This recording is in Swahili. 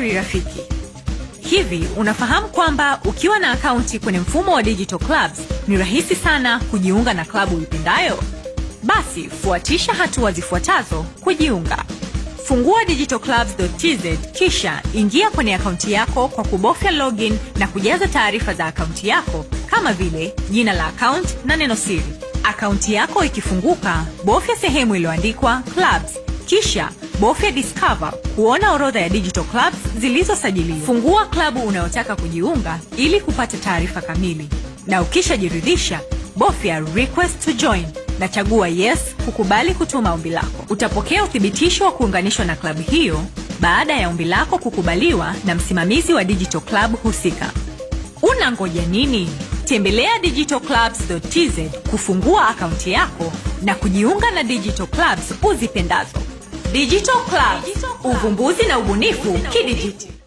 Habari rafiki, hivi unafahamu kwamba ukiwa na akaunti kwenye mfumo wa Digital Clubs ni rahisi sana kujiunga na klabu uipendayo? Basi fuatisha hatua zifuatazo kujiunga. Fungua digitalclubs.tz kisha ingia kwenye akaunti yako kwa kubofya login na kujaza taarifa za akaunti yako kama vile jina la akaunti na neno siri. Akaunti yako ikifunguka, bofya sehemu iliyoandikwa clubs kisha bofya discover kuona orodha ya digital clubs zilizosajiliwa. Fungua klabu unayotaka kujiunga ili kupata taarifa kamili, na ukishajiridhisha bofya request to join na chagua yes kukubali kutuma ombi lako. Utapokea uthibitisho wa kuunganishwa na klabu hiyo baada ya ombi lako kukubaliwa na msimamizi wa digital club husika. una ngoja nini? Tembelea digitalclubs.tz kufungua akaunti yako na kujiunga na digital clubs uzipendazo. Digital Club, uvumbuzi na ubunifu kidijiti.